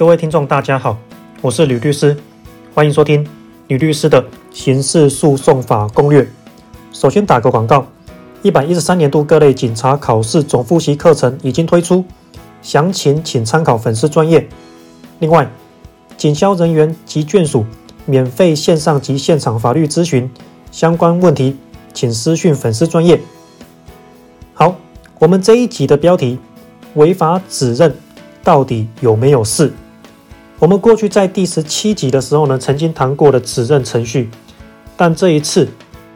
各位聽眾，大家好，我是呂律師，歡迎收聽呂律師的《刑事訴訟法攻略》。首先打個廣告，一百一十三年度各類警察考試總復習課程已經推出，詳情請參考粉絲專頁。另外，警消人員及眷屬免費線上及現場法律諮詢相關問題，請私訊粉絲專頁。好，我們這一集的標題“違法指認到底有沒有事”。我們過去在第十七集的時候呢，曾經談過的指認程序，但這一次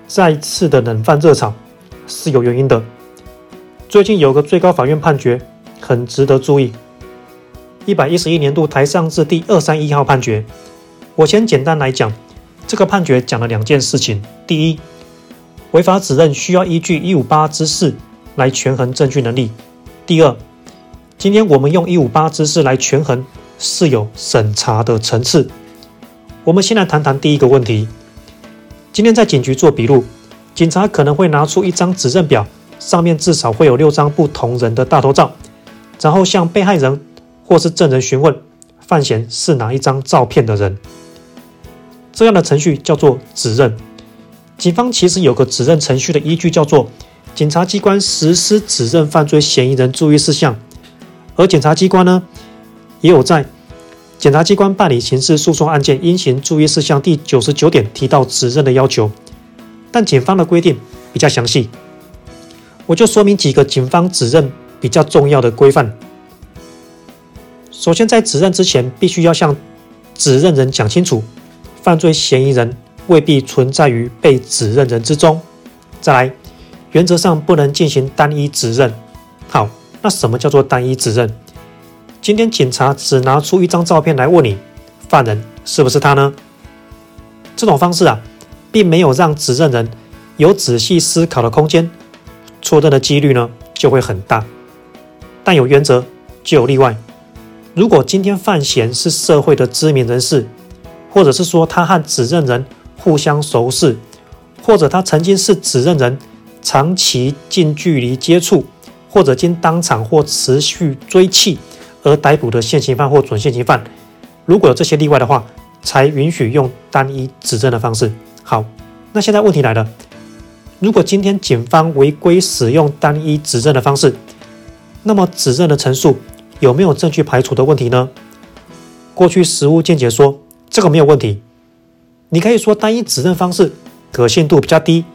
再一次的冷飯熱炒是有原因的。最近有個最高法院判決很值得注意，一百一十一年度台上字第二三一號判決。我先簡單來講，這個判決講了兩件事情：第一，違法指認需要依據一五八之四來權衡證據能力；第二，今天我們用一五八之四來權衡，是有審查的層次。我們先來談談第一個問題。今天在警局做筆錄，警察可能會拿出一張指認表，上面至少會有六張不同人的大頭照，然後向被害人或是證人詢問犯嫌是哪一張照片的人。這樣的程序叫做指認。警方其實有個指認程序的依據，叫做《警察機關實施指認犯罪嫌疑人注意事項》，而檢察機關呢？也有在檢察機關辦理刑事訴訟案件應行注意事項第九十九點提到指認的要求，但警方的規定比較詳細，我就說明幾個警方指認比較重要的規範。首先，在指認之前，必須要向指認人講清楚，犯罪嫌疑人未必存在於被指認人之中。再來，原則上不能進行單一指認。好，那什麼叫做單一指認？今天警察只拿出一張照片來問你，犯人是不是他呢？這種方式啊，並沒有讓指認人有仔細思考的空間，錯認的幾率呢就會很大。但有原則就有例外，如果今天犯嫌是社會的知名人士，或者是說他和指認人互相熟識，或者他曾經是指認人長期近距離接觸，或者經當場或持續追緝。而逮捕的現行犯或準現行犯，如果有這些例外的話，才允許用單一指認的方式。好，那現在問題來了，如果今天警方違規使用單一指認的方式，那麼指認的陳述有沒有證據排除的問題呢？過去實務見解說這個沒有問題，你可以說單一指認方式可信度比較低，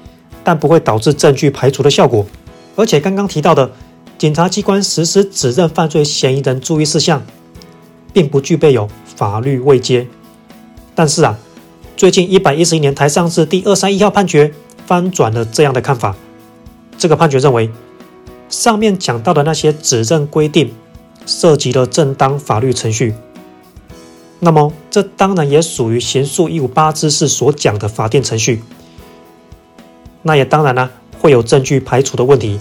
但不會導致證據排除的效果。而且剛剛提到的。警察機關實施指認犯罪嫌疑人注意事項，並不具備有法律位階。但是啊，最近一百一十一年台上字第二三一號判決翻轉了這樣的看法。這個判決認為，上面講到的那些指認規定涉及了正當法律程序。那麼，這當然也屬於刑訴一五八之四所講的法定程序。那也當然呢、啊，會有證據排除的問題。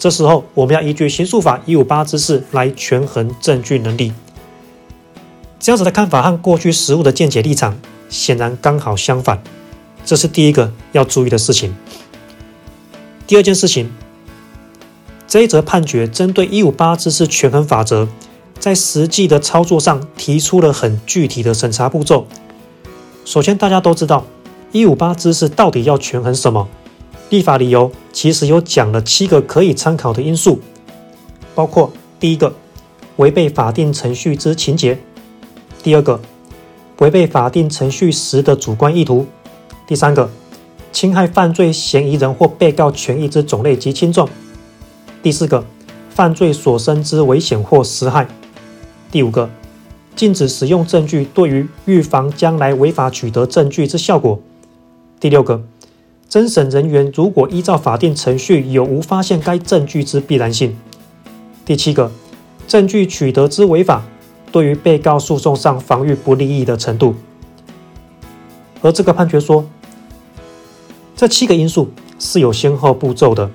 這時候，我們要依據刑訴法一五八之四來權衡證據能力。這樣子的看法和過去實務的見解立場，顯然剛好相反，這是第一個要注意的事情。第二件事情，這一則判決針對一五八之四權衡法則，在實際的操作上提出了很具體的審查步驟。首先，大家都知道一五八之四到底要權衡什麼？立法理由其實有講了七個可以參考的因素，包括第一個，違背法定程序之情節；第二個，違背法定程序時的主觀意圖；第三個，侵害犯罪嫌疑人或被告權益之種類及輕重；第四個，犯罪所生之危險或實害；第五個，禁止使用證據對於預防將來違法取得證據之效果；第六個，偵審人員如果依照法定程序，有無發現該證據之必然性？第七個證據取得之違法，對於被告訴訟上防禦不利益的程度。而這個判決說，這七個因素是有先後步驟的。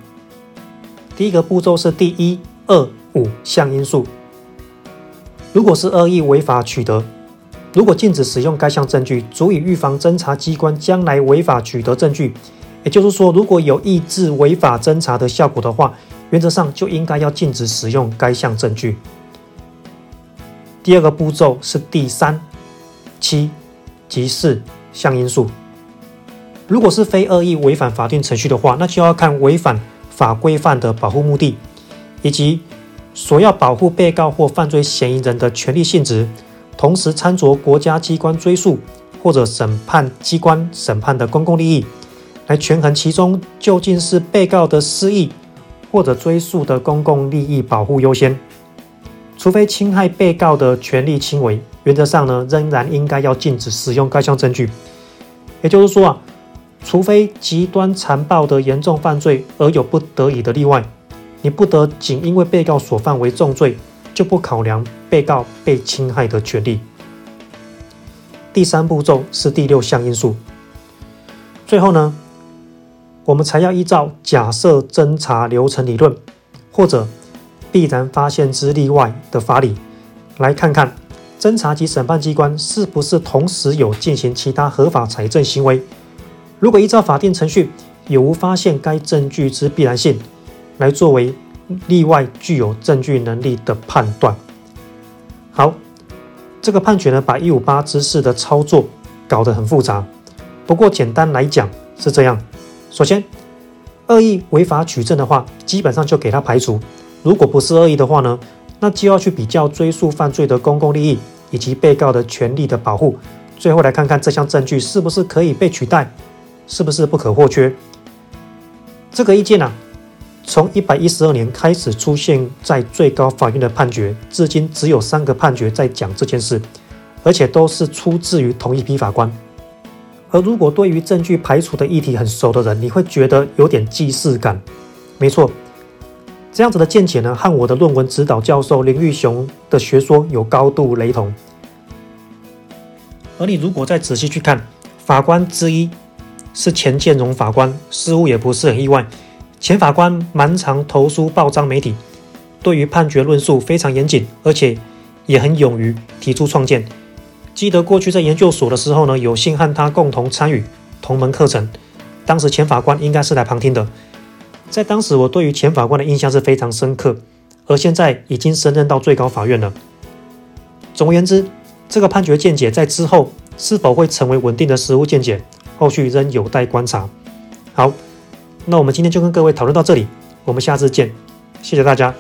第一個步驟是第一、二、五項因素。如果是惡意違法取得，如果禁止使用該項證據，足以預防偵查機關將來違法取得證據。也就是說，如果有抑制違法偵查的效果的話，原則上就應該要禁止使用該項證據。第二個步驟是第三、七及四項因素。如果是非惡意違反法定程序的話，那就要看違反法規範的保護目的，以及所要保護被告或犯罪嫌疑人的權利性質，同時參酌國家機關追訴或者審判機關審判的公共利益，來權衡其中究竟是被告的私益，或者追訴的公共利益保護優先，除非侵害被告的權利輕微，原則上呢，仍然應該要禁止使用該項證據。也就是說啊，除非極端殘暴的嚴重犯罪而有不得已的例外，你不得僅因為被告所犯為重罪就不考量被告被侵害的權利。第三步驟是第六項因素，最後呢？我們才要依照假設偵查流程理論，或者必然發現之例外的法理，來看看偵查及審判機關是不是同時有進行其他合法財政行為。如果依照法定程序，有無發現該證據之必然性，來作為例外具有證據能力的判斷。好，這個判決呢，把一五八之四的操作搞得很複雜。不過簡單來講是這樣。首先，惡意違法取證的話，基本上就給他排除；如果不是惡意的話呢，那就要去比較追訴犯罪的公共利益以及被告的權利的保護，最後來看看這項證據是不是可以被取代，是不是不可或缺。這個意見啊，從一百一十二年開始出現在最高法院的判決，至今只有三個判決在講這件事，而且都是出自於同一批法官。而如果對於證據排除的議題很熟的人，你會覺得有點既視感。沒錯，這樣子的見解呢，和我的論文指導教授林鈺雄的學說有高度雷同。而你如果再仔細去看，法官之一是錢建榮法官，似乎也不是很意外。錢法官蠻常投書報章媒體，對於判決論述非常嚴謹，而且也很勇於提出創建。記得過去在研究所的時候呢，有幸和他共同參與同門課程。當時錢法官應該是來旁聽的。在當時，我對於錢法官的印象是非常深刻，而現在已經升任到最高法院了。總而言之，這個判決見解在之後是否會成為穩定的實務見解，後續仍有待觀察。好，那我們今天就跟各位討論到這裡，我們下次見，謝謝大家。